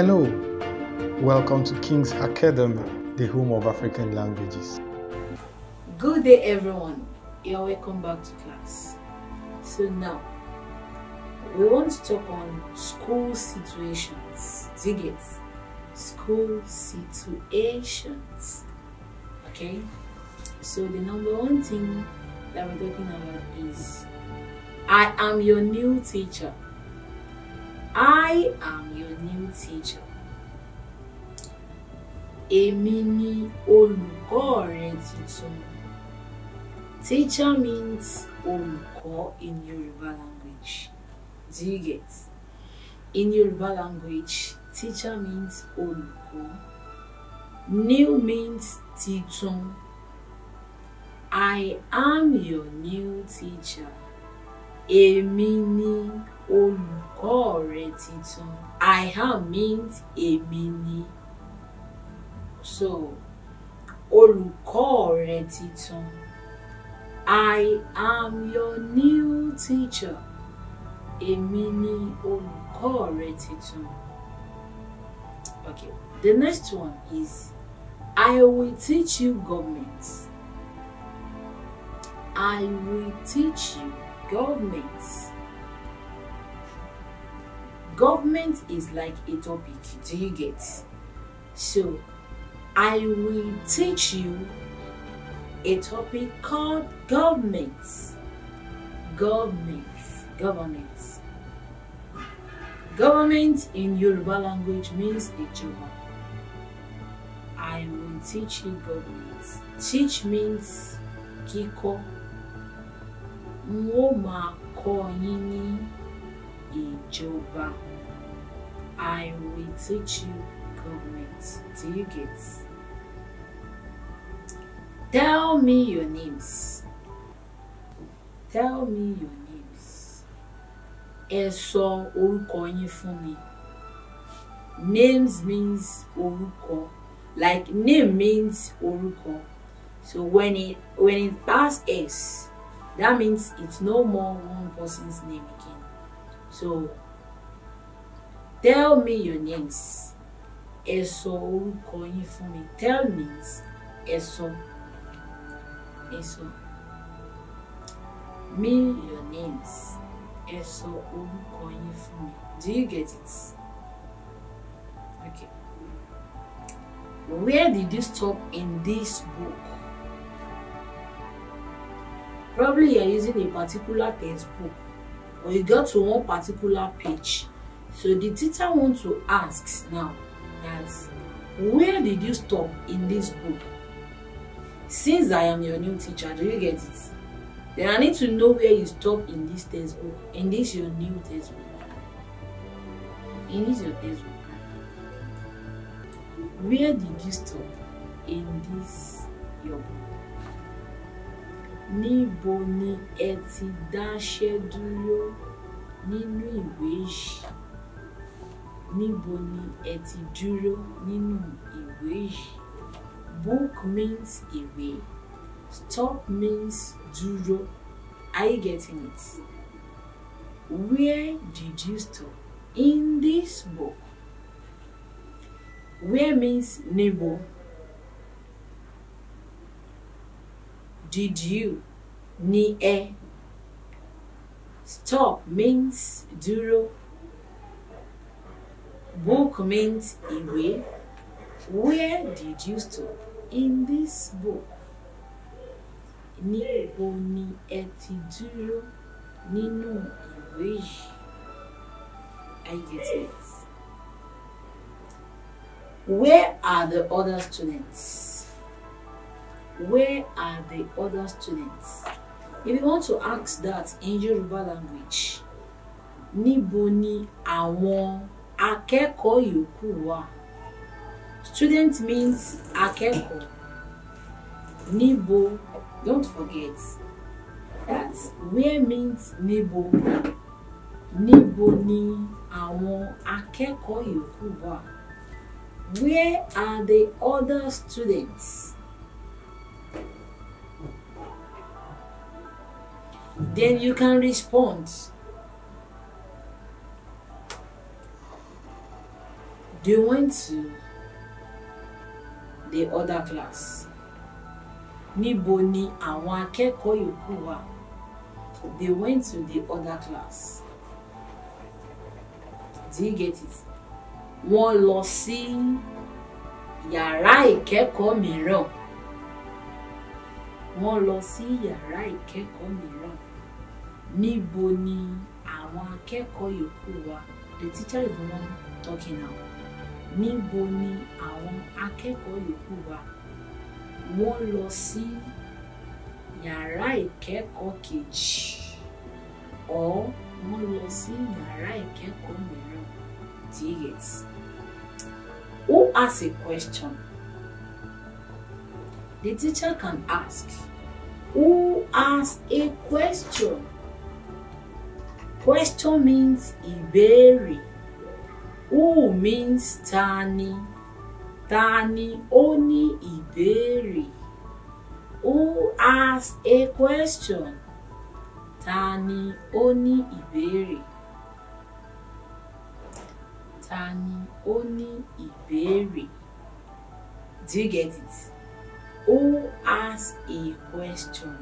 Hello, welcome to King's Academy, the home of African languages. Good day everyone, you're welcome back to class. So now, we want to talk on school situations, it. school situations, okay? So the number one thing that we're talking about is, I am your new teacher. I am your new teacher. Èmi ni olùkọ́ rẹ tuntun. Teacher means olùkọ́ in Yoruba language. Do you get? In Yoruba language, teacher means olùkọ́. New means titun. I am your new teacher. Èmi ni olùkọ́ rẹ titun I am means èmi ni so olùkọ́ rẹ titun I am your new teacher èmi ni olùkọ́ rẹ titun okay the next one is I will teach you government. I will teach you government. government is like a topic do you get so i will teach you a topic called governments governments governments government in yoruba language means ijoba i will teach you governments teach means kíkọ́ n máa yini ní ìjọba. I will teach you government. Do you get? Tell me your names. Tell me your names. Ẹ sọ orúkọ yín fún mi. Names means orúkọ. Like name means orúkọ. So when it when it past S, that means it's no more one person's name again. So Tell me your names. Ẹ sọ orúkọ yín fún mi. Tell me. ẹ sọ. Me your names. Ẹ sọ orúkọ yín fún mi. Do you get it? Okay. Where did you stop in this book? Probably you're using a particular textbook or you got to one particular page So the teacher wants to ask now that where did you stop in this book? Since I am your new teacher, do you get it? Then I need to know where you stop in this textbook, in this your new textbook. In this your textbook. Where did you stop in this your book? ni boni eti dáṣẹ́ dúró ni ìwé weji. Níbo ni ẹ ti dúró nínú ìwé yìí? Book means ìwé. Stop means dúró. Are you getting it? Where did you stop in this book? Where means níbo. Did you? Ni ẹ. Stop means dúró. Book means ìwé. Where did you stop? In this book. Níbo ni ẹ ti dúró nínú ìwé yìí? I get it. Where are the other students? Where are the other students? If you want to ask that in Yoruba language, níbo ni àwọn akẹ́kọ̀ọ́ yòókù wà student means akẹ́kọ̀ọ́ níbo don't forget that where means níbo níbo ni àwọn akẹ́kọ̀ọ́ yòókù wà where are the other students. Then you can respond. They went to the other class. Níbo ni àwọn akẹ́kọ̀ọ́ yòókù wà? They went to the other class. Do you get it? Wọ́n lọ sí yàrá ìkẹ́kọ̀ọ́ mìíràn. Wọ́n lọ sí yàrá ìkẹ́kọ̀ọ́ mìíràn. Níbo ni àwọn akẹ́kọ̀ọ́ yòókù wà? The teacher is the one talking now níbo ni àwọn akẹ́kọ̀ọ́ yòókù wà wọ́n lọ sí yàrá ìkẹ́kọ̀ọ́ kejì ọ̀ wọ́n lọ sí yàrá ìkẹ́kọ̀ọ́ mìíràn do who asks a question the teacher can ask who asks a question question means ìbéèrè. Who means tani? Tani ó ní ìbéèrè. Who asks a question? Tani ó ní ìbéèrè. Tani ó ní ìbéèrè. Do you get it? Who asks a question?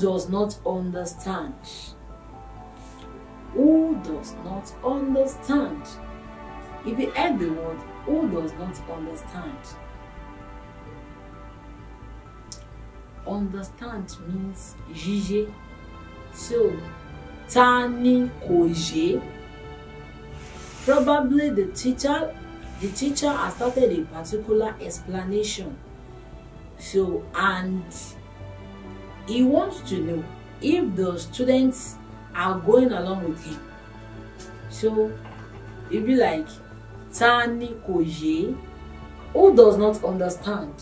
does not understand? Who does not understand? If you add the word, who does not understand? Understand means jige. So, tani koje. Probably the teacher, the teacher has started a particular explanation. So, and he wants to know if the students are going along with him. So he'll be like, Tani Koji, who does not understand?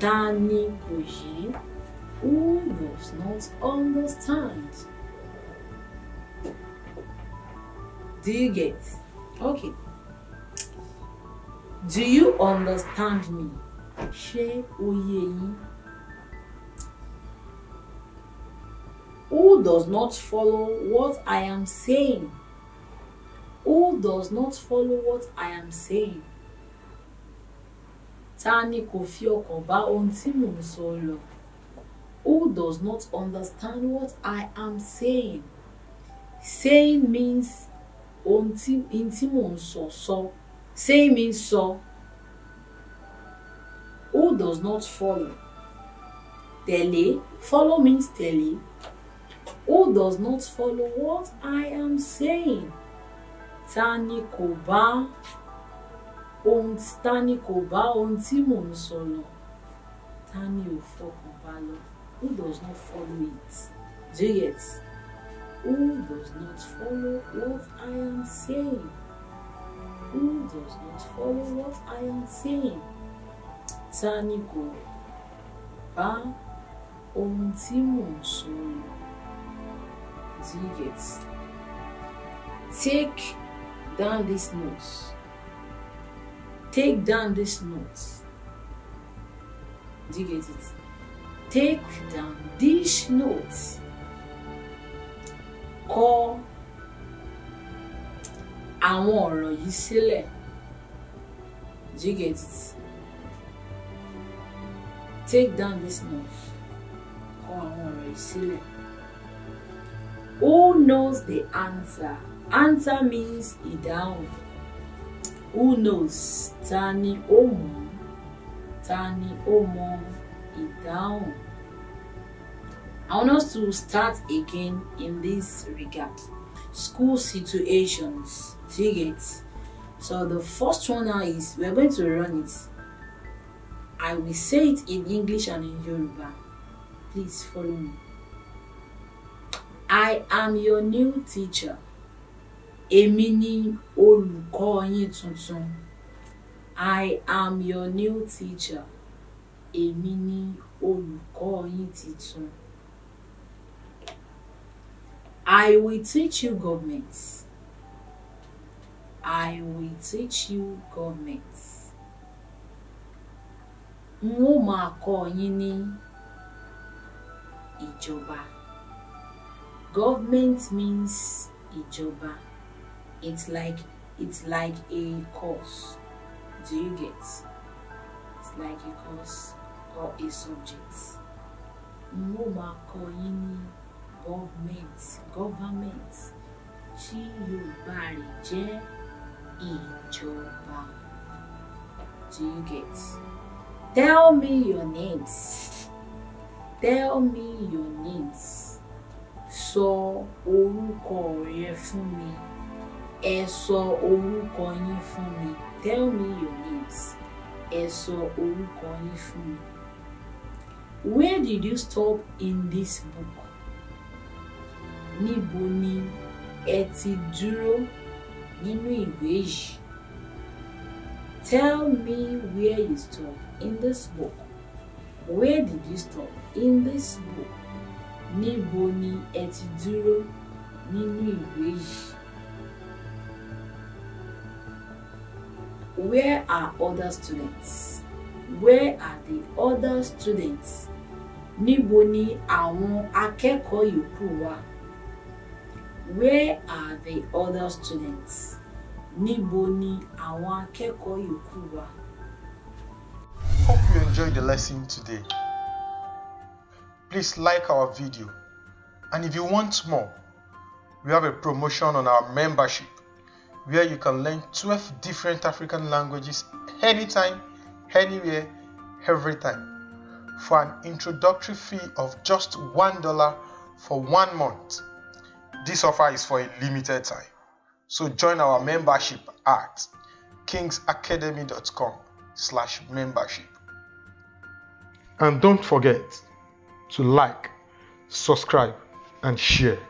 Tani Koji, who does not understand? Do you get? Okay. Do you understand me? She oyè who does not follow what I am saying who does not follow what I am saying ta ni kò fi ọkàn bá ohun tí mò ń sọ lọ who does not understand what I am saying saying means ohun tí mò ń sọ sọ saying means sọ who does not follow tẹ̀lé follow means tẹ̀lé who does not follow what I am saying? Tani ni kò bá ohun ta ni kò bá ohun tí mò ń sọ lọ? Ta ò fọkàn bá lọ? Who does not follow it? Do you get? Who does not follow what I am saying? Who does not follow what I am saying? Tani ni kò bá ohun tí mò ń sọ lọ? Do you get? Take down this note. Take down this note. Do you get it? Take down this note. Kọ àwọn ọ̀rọ̀ yìí sílẹ̀. Do you get it? Take down this note. Kọ àwọn ọ̀rọ̀ yìí sílẹ̀. Who knows the answer? Answer means ìdáhùn. Who knows? Tani omo, tani omo Ta I want us to start again in this regard. School situations. Do you So the first one now is we're going to run it. I will say it in English and in Yoruba. Please follow me. I am your new teacher. Èmi ni olùkọ́ yín tuntun. I am your new teacher. Èmi ni olùkọ́ yín tuntun. I will teach you government. I will teach you government. N ó máa kọ́ yín ní ìjọba. Government means ìjọba. It's like it's like a course. Do you get? It's like a course or a subject. Mo máa kọ yín ní government government tí Yorùbá rẹ̀ jẹ́ ìjọba. Do you get? Tell me your names. Tell me your names sọ orúkọ rẹ fún mi ẹ sọ orúkọ yín fún mi tell me your names ẹ sọ orúkọ yín fún mi. Where did you stop in this book? Níbo ni ẹ ti dúró nínú ìwé yìí? Tell me where you stop in this book. Where did you stop in this book? níbo ni ẹ ti dúró nínú ìwé yìí. Where are other students? Where are the other students? Níbo ni àwọn akẹ́kọ̀ọ́ yòókù wà? Where are the other students? Níbo ni àwọn akẹ́kọ̀ọ́ yòókù wà? Hope you enjoyed the lesson today. please like our video and if you want more we have a promotion on our membership where you can learn 12 different African languages anytime, anywhere, every time for an introductory fee of just $1 for one month. This offer is for a limited time. So join our membership at kingsacademy.com slash membership. And don't forget, to like, subscribe, and share.